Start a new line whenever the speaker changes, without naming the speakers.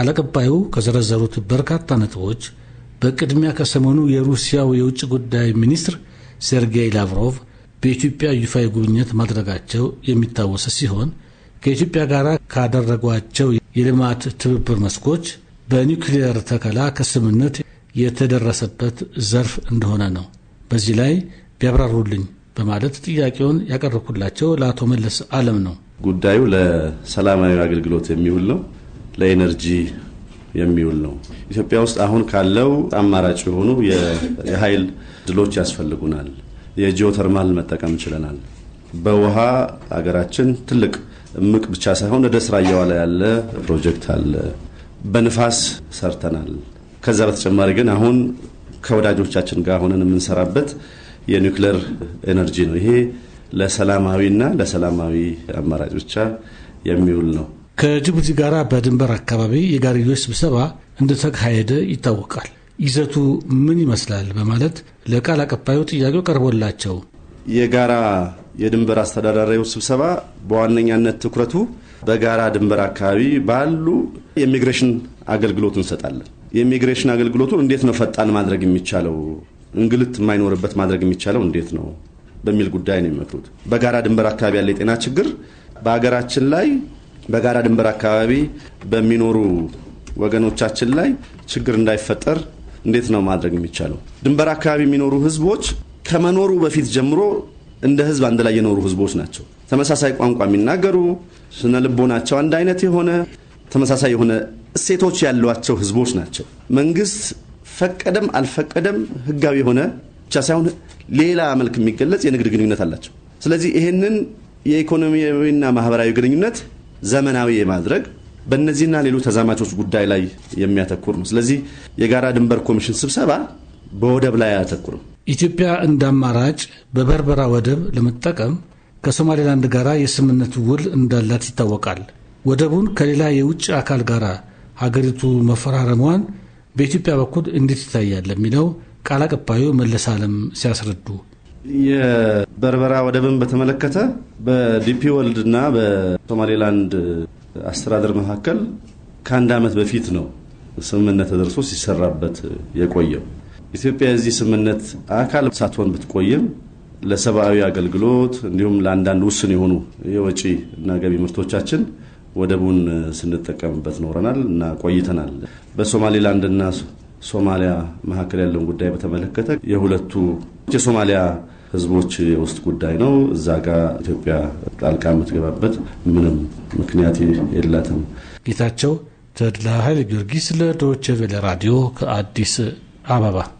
ቃል አቀባዩ ከዘረዘሩት በርካታ ነጥቦች በቅድሚያ ከሰሞኑ የሩሲያው የውጭ ጉዳይ ሚኒስትር ሴርጌይ ላቭሮቭ በኢትዮጵያ ይፋዊ ጉብኝት ማድረጋቸው የሚታወስ ሲሆን ከኢትዮጵያ ጋር ካደረጓቸው የልማት ትብብር መስኮች በኒውክሊየር ተከላ ከስምምነት የተደረሰበት ዘርፍ እንደሆነ ነው። በዚህ ላይ ቢያብራሩልኝ በማለት ጥያቄውን ያቀረብኩላቸው ለአቶ መለስ አለም ነው።
ጉዳዩ ለሰላማዊ አገልግሎት የሚውል ነው። ለኤነርጂ የሚውል ነው። ኢትዮጵያ ውስጥ አሁን ካለው አማራጭ የሆኑ የኃይል ድሎች ያስፈልጉናል። የጂኦተርማል መጠቀም ችለናል። በውሃ አገራችን ትልቅ እምቅ ብቻ ሳይሆን ወደ ስራ እየዋለ ያለ ፕሮጀክት አለ። በንፋስ ሰርተናል። ከዛ በተጨማሪ ግን አሁን ከወዳጆቻችን ጋር ሆነን የምንሰራበት የኒውክሌር ኤነርጂ ነው። ይሄ ለሰላማዊና ለሰላማዊ አማራጭ ብቻ የሚውል ነው።
ከጅቡቲ ጋር በድንበር አካባቢ የጋርዮሽ ስብሰባ እንደተካሄደ ይታወቃል። ይዘቱ ምን ይመስላል? በማለት ለቃል አቀባዩ ጥያቄው ቀርቦላቸው
የጋራ የድንበር አስተዳዳሪው ስብሰባ በዋነኛነት ትኩረቱ በጋራ ድንበር አካባቢ ባሉ የኢሚግሬሽን አገልግሎት እንሰጣለን። የኢሚግሬሽን አገልግሎቱን እንዴት ነው ፈጣን ማድረግ የሚቻለው፣ እንግልት የማይኖርበት ማድረግ የሚቻለው እንዴት ነው በሚል ጉዳይ ነው የሚመክሩት። በጋራ ድንበር አካባቢ ያለ የጤና ችግር በሀገራችን ላይ በጋራ ድንበር አካባቢ በሚኖሩ ወገኖቻችን ላይ ችግር እንዳይፈጠር እንዴት ነው ማድረግ የሚቻለው? ድንበር አካባቢ የሚኖሩ ህዝቦች ከመኖሩ በፊት ጀምሮ እንደ ህዝብ አንድ ላይ የኖሩ ህዝቦች ናቸው። ተመሳሳይ ቋንቋ የሚናገሩ ስነ ልቦናቸው አንድ አይነት የሆነ ተመሳሳይ የሆነ እሴቶች ያሏቸው ህዝቦች ናቸው። መንግስት ፈቀደም አልፈቀደም ህጋዊ የሆነ ብቻ ሳይሆን ሌላ መልክ የሚገለጽ የንግድ ግንኙነት አላቸው። ስለዚህ ይህንን የኢኮኖሚያዊና ማህበራዊ ግንኙነት ዘመናዊ የማድረግ በእነዚህና ሌሎች ተዛማቾች ጉዳይ ላይ የሚያተኩር ነው። ስለዚህ የጋራ ድንበር ኮሚሽን ስብሰባ በወደብ ላይ
አያተኩርም። ኢትዮጵያ እንደ አማራጭ በበርበራ ወደብ ለመጠቀም ከሶማሌላንድ ጋር የስምምነት ውል እንዳላት ይታወቃል። ወደቡን ከሌላ የውጭ አካል ጋር ሀገሪቱ መፈራረሟን በኢትዮጵያ በኩል እንዴት ይታያል? የሚለው ቃል አቀባዩ መለስ አለም ሲያስረዱ
የበርበራ ወደብን በተመለከተ በዲፒ ወልድ እና በሶማሌላንድ አስተዳደር መካከል ከአንድ ዓመት በፊት ነው ስምምነት ተደርሶ ሲሰራበት የቆየው። ኢትዮጵያ የዚህ ስምምነት አካል ሳትሆን ብትቆይም ለሰብአዊ አገልግሎት እንዲሁም ለአንዳንድ ውስን የሆኑ የወጪ እና ገቢ ምርቶቻችን ወደቡን ስንጠቀምበት ኖረናል እና ቆይተናል። በሶማሌላንድ ሶማሊያ መካከል ያለውን ጉዳይ በተመለከተ የሁለቱ የሶማሊያ ህዝቦች የውስጥ ጉዳይ ነው። እዛ ጋር ኢትዮጵያ ጣልቃ የምትገባበት ምንም ምክንያት የላትም።
ጌታቸው ተድላ ኃይለ ጊዮርጊስ ለዶይቼ ቬለ ራዲዮ ከአዲስ አበባ